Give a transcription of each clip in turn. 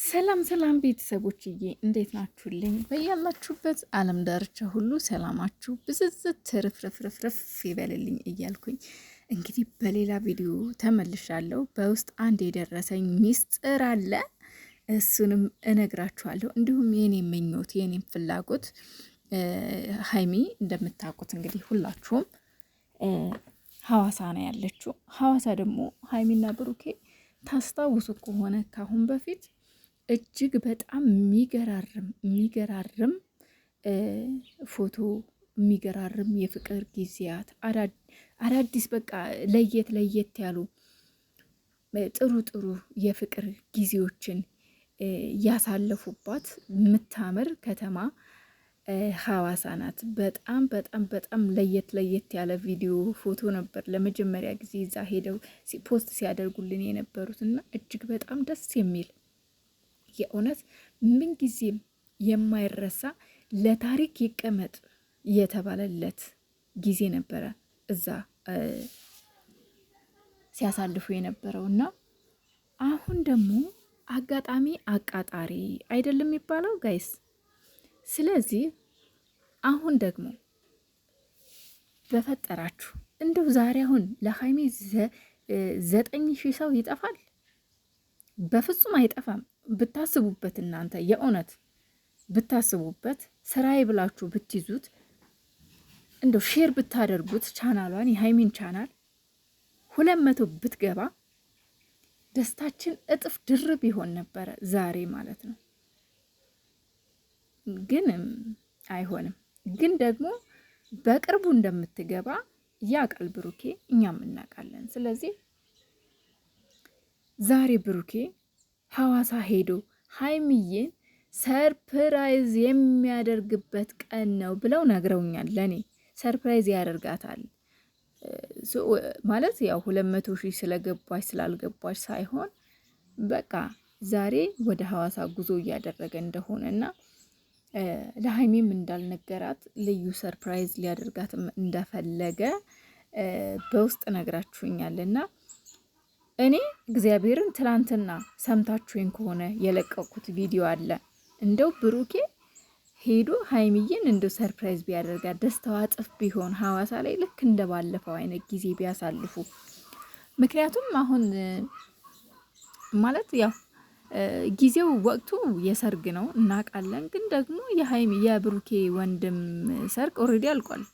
ሰላም ሰላም ቤተሰቦችዬ እንዴት ናችሁልኝ? በያላችሁበት ዓለም ዳርቻ ሁሉ ሰላማችሁ ብዝዝት ትርፍርፍርፍርፍ ይበልልኝ እያልኩኝ እንግዲህ በሌላ ቪዲዮ ተመልሻለሁ። በውስጥ አንድ የደረሰኝ ሚስጥር አለ፣ እሱንም እነግራችኋለሁ። እንዲሁም የኔ ምኞት የኔም ፍላጎት ሀይሚ እንደምታውቁት እንግዲህ ሁላችሁም ሀዋሳ ነው ያለችው። ሀዋሳ ደግሞ ሀይሚና ብሩኬ ታስታውሱ ከሆነ ካሁን በፊት እጅግ በጣም የሚገራርም የሚገራርም ፎቶ የሚገራርም የፍቅር ጊዜያት አዳዲስ በቃ ለየት ለየት ያሉ ጥሩ ጥሩ የፍቅር ጊዜዎችን ያሳለፉባት የምታምር ከተማ ሀዋሳ ናት። በጣም በጣም በጣም ለየት ለየት ያለ ቪዲዮ ፎቶ ነበር ለመጀመሪያ ጊዜ እዛ ሄደው ፖስት ሲያደርጉልን የነበሩት እና እጅግ በጣም ደስ የሚል የእውነት ምንጊዜም የማይረሳ ለታሪክ ይቀመጥ የተባለለት ጊዜ ነበረ እዛ ሲያሳልፉ የነበረው እና አሁን ደግሞ አጋጣሚ አቃጣሪ አይደለም የሚባለው ጋይስ። ስለዚህ አሁን ደግሞ በፈጠራችሁ እንደው ዛሬ አሁን ለሀይሜ ዘጠኝ ሺህ ሰው ይጠፋል? በፍጹም አይጠፋም። ብታስቡበት እናንተ የእውነት ብታስቡበት ስራዬ ብላችሁ ብትይዙት እንደው ሼር ብታደርጉት ቻናሏን የሀይሚን ቻናል ሁለት መቶ ብትገባ ደስታችን እጥፍ ድርብ ይሆን ነበረ ዛሬ ማለት ነው። ግን አይሆንም። ግን ደግሞ በቅርቡ እንደምትገባ ያውቃል ብሩኬ፣ እኛም እናውቃለን። ስለዚህ ዛሬ ብሩኬ ሐዋሳ ሄዶ ሀይሚዬን ሰርፕራይዝ የሚያደርግበት ቀን ነው ብለው ነግረውኛል። ለእኔ ሰርፕራይዝ ያደርጋታል ማለት ያው ሁለት መቶ ሺህ ስለገባች ስላልገባች ሳይሆን በቃ ዛሬ ወደ ሐዋሳ ጉዞ እያደረገ እንደሆነ እና ለሀይሚም እንዳልነገራት ልዩ ሰርፕራይዝ ሊያደርጋትም እንደፈለገ በውስጥ ነግራችሁኛል እና እኔ እግዚአብሔርን ትላንትና ሰምታችሁኝ ከሆነ የለቀቁት ቪዲዮ አለ። እንደው ብሩኬ ሄዶ ሀይሚዬን እንደው ሰርፕራይዝ ቢያደርጋት ደስታዋ ጥፍ ቢሆን ሀዋሳ ላይ ልክ እንደ ባለፈው አይነት ጊዜ ቢያሳልፉ። ምክንያቱም አሁን ማለት ያው ጊዜው ወቅቱ የሰርግ ነው እናውቃለን። ግን ደግሞ የሀይሚ የብሩኬ ወንድም ሰርግ ኦልሬዲ አልቋል።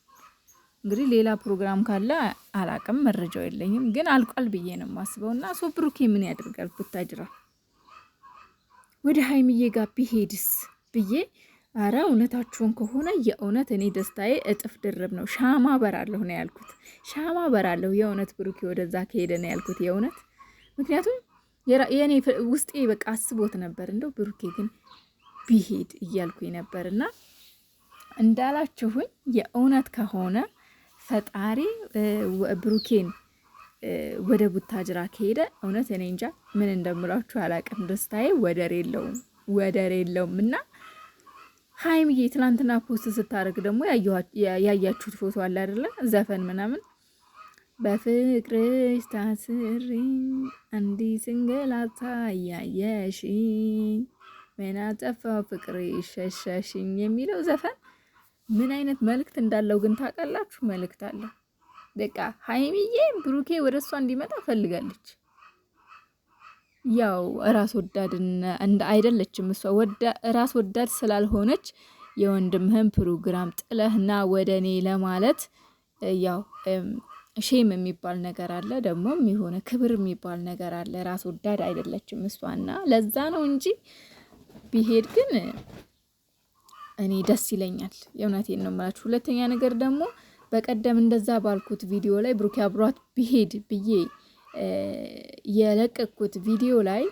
እንግዲህ ሌላ ፕሮግራም ካለ አላቅም፣ መረጃው የለኝም፣ ግን አልቋል ብዬ ነው የማስበው። እና ሶ ብሩኬ ምን ያደርጋል ብታጅራ ወደ ሀይሚዬ ጋር ቢሄድስ ብዬ አረ እውነታችሁን ከሆነ የእውነት እኔ ደስታዬ እጥፍ ድርብ ነው። ሻማ በራለሁ ነው ያልኩት። ሻማ በራለሁ የእውነት ብሩኬ ወደዛ ከሄደ ነው ያልኩት የእውነት ምክንያቱም የእኔ ውስጤ በቃ አስቦት ነበር። እንደው ብሩኬ ግን ቢሄድ እያልኩኝ ነበር እና እንዳላችሁኝ የእውነት ከሆነ ፈጣሪ ብሩኬን ወደ ቡታጅራ ከሄደ እውነት እኔ እንጃ ምን እንደምላችሁ አላቅም። ደስታዬ ወደር የለውም ወደር የለውም እና ሀይምዬ ትናንትና ፖስት ስታደርግ ደግሞ ያያችሁት ፎቶ አለ አይደለም? ዘፈን ምናምን በፍቅርሽ ታስሪ አንዲ ስንገላታ እያየሽኝ ምን አጠፋው ፍቅር ሸሸሽኝ የሚለው ዘፈን ምን አይነት መልእክት እንዳለው ግን ታውቃላችሁ? መልእክት አለ። በቃ ሀይሚዬ ብሩኬ ወደ እሷ እንዲመጣ ፈልጋለች። ያው ራስ ወዳድን እንደ አይደለችም እሷ ራስ ወዳድ ስላልሆነች የወንድምህን ፕሮግራም ጥለህና ወደ እኔ ለማለት ያው ሼም የሚባል ነገር አለ፣ ደግሞ የሆነ ክብር የሚባል ነገር አለ። ራስ ወዳድ አይደለችም እሷና ለዛ ነው እንጂ ቢሄድ ግን እኔ ደስ ይለኛል። የእውነቴን ነው የምላችሁ። ሁለተኛ ነገር ደግሞ በቀደም እንደዛ ባልኩት ቪዲዮ ላይ ብሩኬ አብሯት ቢሄድ ብዬ የለቀቅኩት ቪዲዮ ላይ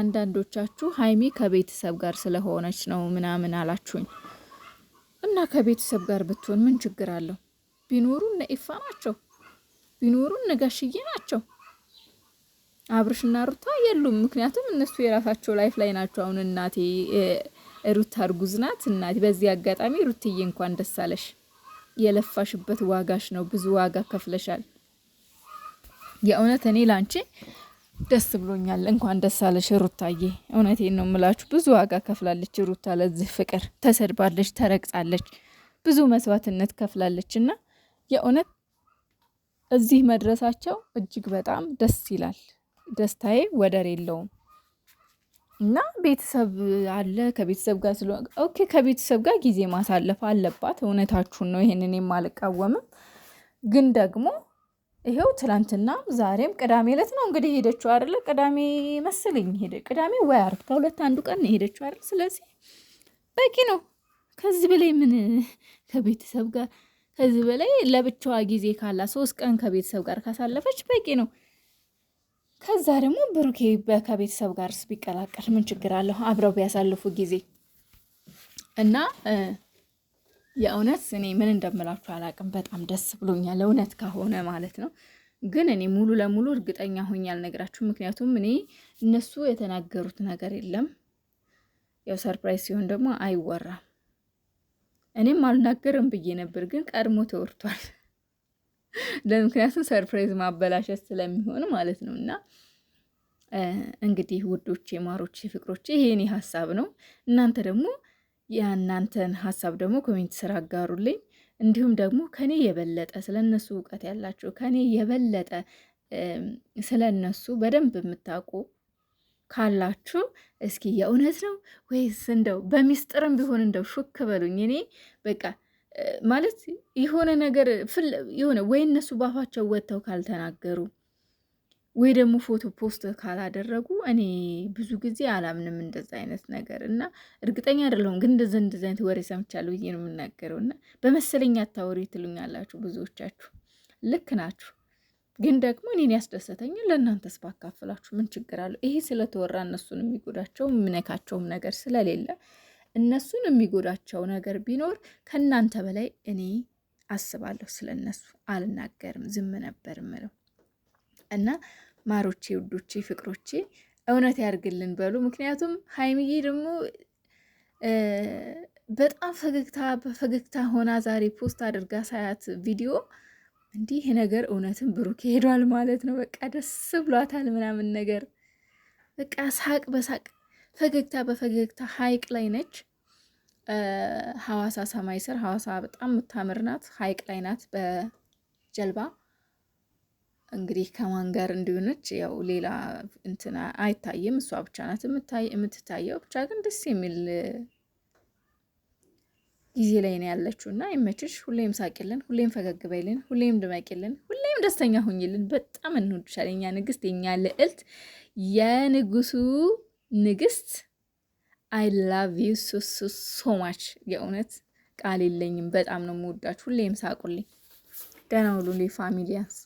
አንዳንዶቻችሁ ሀይሚ ከቤተሰብ ጋር ስለሆነች ነው ምናምን አላችሁኝ እና ከቤተሰብ ጋር ብትሆን ምን ችግር አለው? ቢኖሩ እነ ኢፋ ናቸው፣ ቢኖሩ እነ ጋሽዬ ናቸው። አብርሽና ሩታ የሉም። ምክንያቱም እነሱ የራሳቸው ላይፍ ላይ ናቸው። አሁን እናቴ ሩት አርጉዝ ናት። እናት በዚህ አጋጣሚ ሩትዬ እንኳን ደስ አለሽ። የለፋሽበት ዋጋሽ ነው። ብዙ ዋጋ ከፍለሻል። የእውነት እኔ ላንቺ ደስ ብሎኛል። እንኳን ደስ አለሽ ሩታዬ። እውነቴን ነው ምላችሁ። ብዙ ዋጋ ከፍላለች ሩታ ለዚህ ፍቅር። ተሰድባለች፣ ተረግጻለች፣ ብዙ መስዋዕትነት ከፍላለች እና የእውነት እዚህ መድረሳቸው እጅግ በጣም ደስ ይላል። ደስታዬ ወደር የለውም። እና ቤተሰብ አለ ከቤተሰብ ጋር ስለ ኦኬ ከቤተሰብ ጋር ጊዜ ማሳለፍ አለባት። እውነታችሁን ነው፣ ይሄንን እኔም አልቃወምም። ግን ደግሞ ይሄው ትላንትና ዛሬም ቅዳሜ ዕለት ነው እንግዲህ ሄደችው አይደለ? ቅዳሜ መሰለኝ ሄደ ቅዳሜ ወይ ዓርብ ከሁለት አንዱ ቀን ነው ሄደችው አይደለ? ስለዚህ በቂ ነው። ከዚህ በላይ ምን ከቤተሰብ ጋር ከዚህ በላይ ለብቻዋ ጊዜ ካላ ሶስት ቀን ከቤተሰብ ጋር ካሳለፈች በቂ ነው። ከዛ ደግሞ ብሩኬ ከቤተሰብ ጋር ቢቀላቀል ምን ችግር አለሁ? አብረው ቢያሳልፉ ጊዜ እና የእውነት እኔ ምን እንደምላችሁ አላቅም። በጣም ደስ ብሎኛል፣ እውነት ከሆነ ማለት ነው። ግን እኔ ሙሉ ለሙሉ እርግጠኛ ሆኜ ነገራችሁ ምክንያቱም እኔ እነሱ የተናገሩት ነገር የለም። ያው ሰርፕራይዝ ሲሆን ደግሞ አይወራም። እኔም አልናገርም ብዬ ነበር፣ ግን ቀድሞ ተወርቷል። ለምክንያቱም ሰርፕራይዝ ማበላሸት ስለሚሆን ማለት ነው። እና እንግዲህ ውዶቼ፣ ማሮቼ፣ ፍቅሮቼ ይሄኔ ሀሳብ ነው። እናንተ ደግሞ የእናንተን ሀሳብ ደግሞ ኮሜንት ስራ አጋሩልኝ። እንዲሁም ደግሞ ከኔ የበለጠ ስለ እነሱ እውቀት ያላችሁ ከኔ የበለጠ ስለ እነሱ በደንብ የምታውቁ ካላችሁ እስኪ የእውነት ነው ወይስ እንደው በሚስጥርም ቢሆን እንደው ሹክ በሉኝ። እኔ በቃ ማለት የሆነ ነገር የሆነ ወይ እነሱ ባፋቸው ወጥተው ካልተናገሩ ወይ ደግሞ ፎቶ ፖስት ካላደረጉ እኔ ብዙ ጊዜ አላምንም እንደዚ አይነት ነገር እና እርግጠኛ አይደለሁም ግን እንደዚ እንደዚ አይነት ወሬ ሰምቻለሁ ብዬ ነው የምናገረው። እና በመሰለኝ አታወሪ ትሉኛላችሁ ብዙዎቻችሁ፣ ልክ ናችሁ። ግን ደግሞ እኔን ያስደሰተኝን ለእናንተስ ባካፍላችሁ ምን ችግር አለው? ይሄ ስለተወራ እነሱን የሚጎዳቸው የምነካቸውም ነገር ስለሌለ እነሱን የሚጎዳቸው ነገር ቢኖር ከእናንተ በላይ እኔ አስባለሁ። ስለነሱ አልናገርም፣ ዝም ነበር ምለው እና ማሮቼ፣ ውዶቼ፣ ፍቅሮቼ እውነት ያርግልን በሉ። ምክንያቱም ሀይሚዬ ደግሞ በጣም ፈገግታ በፈገግታ ሆና ዛሬ ፖስት አድርጋ ሳያት ቪዲዮ እንዲህ ይሄ ነገር እውነትም ብሩክ ይሄዷል ማለት ነው፣ በቃ ደስ ብሏታል ምናምን ነገር በቃ ሳቅ በሳቅ ፈገግታ በፈገግታ ሀይቅ ላይ ነች። ሐዋሳ ሰማይ ስር ሐዋሳ በጣም የምታምር ናት። ሀይቅ ላይ ናት በጀልባ እንግዲህ ከማን ጋር እንዲሆነች ያው ሌላ እንትን አይታይም። እሷ ብቻ ናት የምትታየው። ብቻ ግን ደስ የሚል ጊዜ ላይ ነው ያለችው እና ይመችሽ። ሁሌም ሳቂልን፣ ሁሌም ፈገግ በይልን፣ ሁሌም ድመቂልን፣ ሁሌም ደስተኛ ሁኝልን። በጣም እንወድሻለን የኛ ንግስት፣ የኛ ልዕልት፣ የንጉሱ ንግስት አይ ላቭ ዩ ሶ ማች። የእውነት ቃል የለኝም። በጣም ነው የምወዳችሁ። ሁሌም ሳቁልኝ። ደህና ሁሉ ፋሚሊያንስ